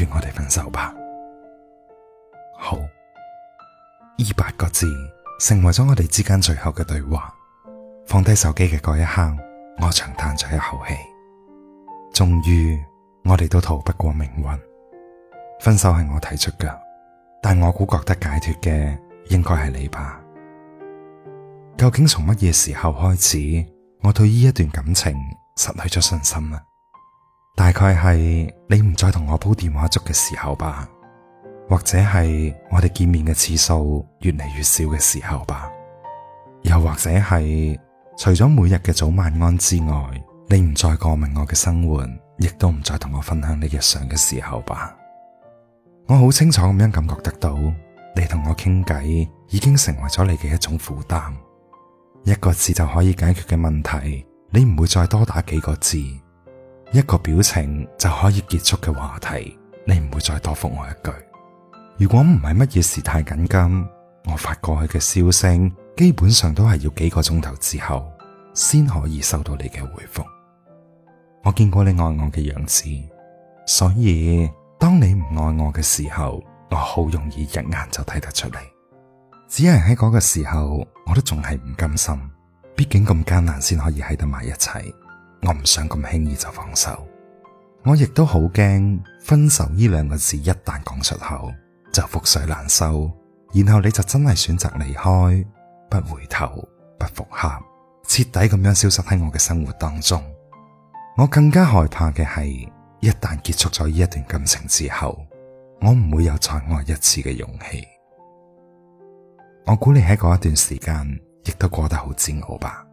願我哋分手吧。好，呢八個字成為咗我哋之間最後嘅對話。放低手機嘅嗰一刻，我長嘆咗一口氣。終於，我哋都逃不過命運。分手係我提出嘅，但我估覺得解脫嘅應該係你吧。究竟從乜嘢時候開始，我對呢一段感情失去咗信心啊？大概係你唔再同我煲電話粥嘅時候吧，或者係我哋見面嘅次數越嚟越少嘅時候吧，又或者係除咗每日嘅早晚安之外，你唔再過問我嘅生活，亦都唔再同我分享你日常嘅時候吧。我好清楚咁樣感覺得到，你同我傾偈已經成為咗你嘅一種負擔。一個字就可以解決嘅問題，你唔會再多打幾個字。一個表情就可以結束嘅話題，你唔會再多復我一句。如果唔係乜嘢事太緊急，我發過去嘅消息，基本上都係要幾個鐘頭之後先可以收到你嘅回覆我見過你愛我嘅樣子，所以當你唔愛我嘅時候，我好容易一眼就睇得出嚟。只係喺嗰個時候，我都仲係唔甘心，畢竟咁艱難先可以喺得埋一齊。我唔想咁輕易就放手，我亦都好驚分手呢兩個字一旦講出口就覆水難收，然後你就真係選擇離開，不回頭，不復合，徹底咁樣消失喺我嘅生活當中。我更加害怕嘅係，一旦結束咗呢一段感情之後，我唔會有再愛一次嘅勇氣。我估你喺嗰一段時間亦都過得好煎熬吧？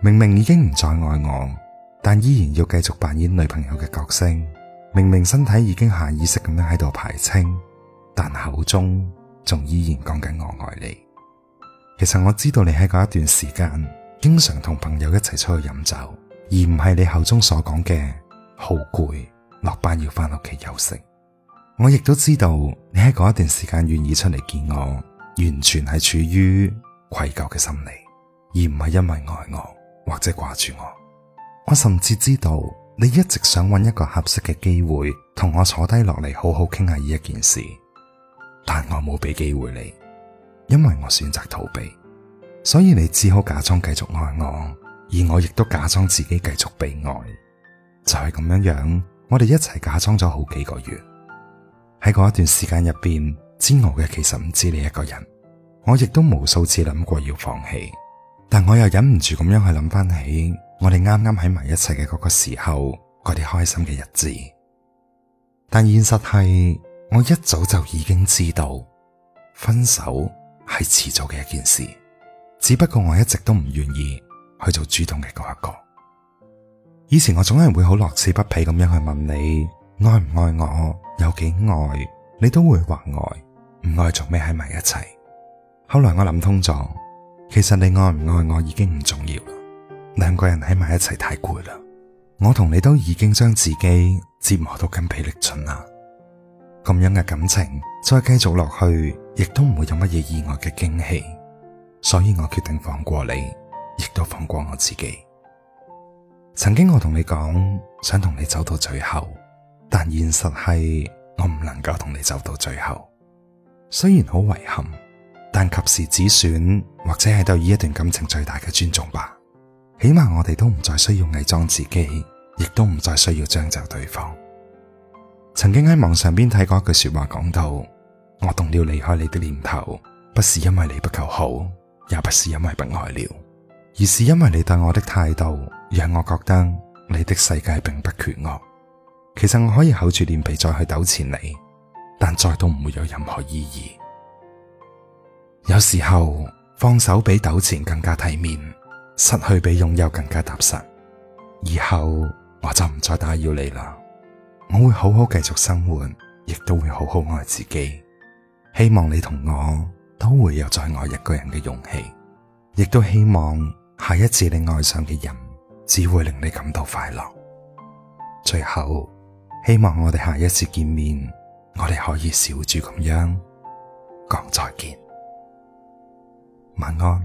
明明已經唔再愛我。但依然要繼續扮演女朋友嘅角色，明明身體已經下意識咁樣喺度排清，但口中仲依然講緊我愛你。其實我知道你喺嗰一段時間經常同朋友一齊出去飲酒，而唔係你口中所講嘅好攰，落班要翻屋企休息。我亦都知道你喺嗰一段時間願意出嚟見我，完全係處於愧疚嘅心理，而唔係因為愛我或者掛住我。我甚至知道你一直想揾一個合適嘅機會同我坐低落嚟好好傾下呢一件事，但我冇俾機會你，因為我選擇逃避，所以你只好假裝繼續愛我，而我亦都假裝自己繼續被愛，就係咁樣樣，我哋一齊假裝咗好幾個月。喺嗰一段時間入邊，煎熬嘅其實唔止你一個人，我亦都無數次諗過要放棄，但我又忍唔住咁樣去諗翻起。我哋啱啱喺埋一齊嘅嗰個時候，嗰啲開心嘅日子。但現實係，我一早就已經知道分手係遲早嘅一件事。只不過我一直都唔願意去做主動嘅嗰一個。以前我總係會好樂此不疲咁樣去問你愛唔愛我，有幾愛，你都會話愛，唔愛做咩喺埋一齊。後來我諗通咗，其實你愛唔愛我已經唔重要。兩個人喺埋一齊太攰啦，我同你都已經將自己折磨到筋疲力盡啦，咁樣嘅感情再繼續落去，亦都唔會有乜嘢意外嘅驚喜，所以我決定放過你，亦都放過我自己。曾經我同你講想同你走到最後，但現實係我唔能夠同你走到最後。雖然好遺憾，但及時止損或者係對呢一段感情最大嘅尊重吧。起碼我哋都唔再需要偽裝自己，亦都唔再需要將就對方。曾經喺網上邊睇過一句說話，講到：我動了離開你的念頭，不是因為你不夠好，也不是因為不愛了，而是因為你對我的態度，讓我覺得你的世界並不缺我。其實我可以厚住臉皮再去糾纏你，但再都唔會有任何意義。有時候放手比糾纏更加體面。失去比擁有更加踏實，以後我就唔再打擾你啦。我會好好繼續生活，亦都會好好愛自己。希望你同我都會有再愛一個人嘅勇氣，亦都希望下一次你愛上嘅人只會令你感到快樂。最後，希望我哋下一次見面，我哋可以笑住咁樣講再見。晚安。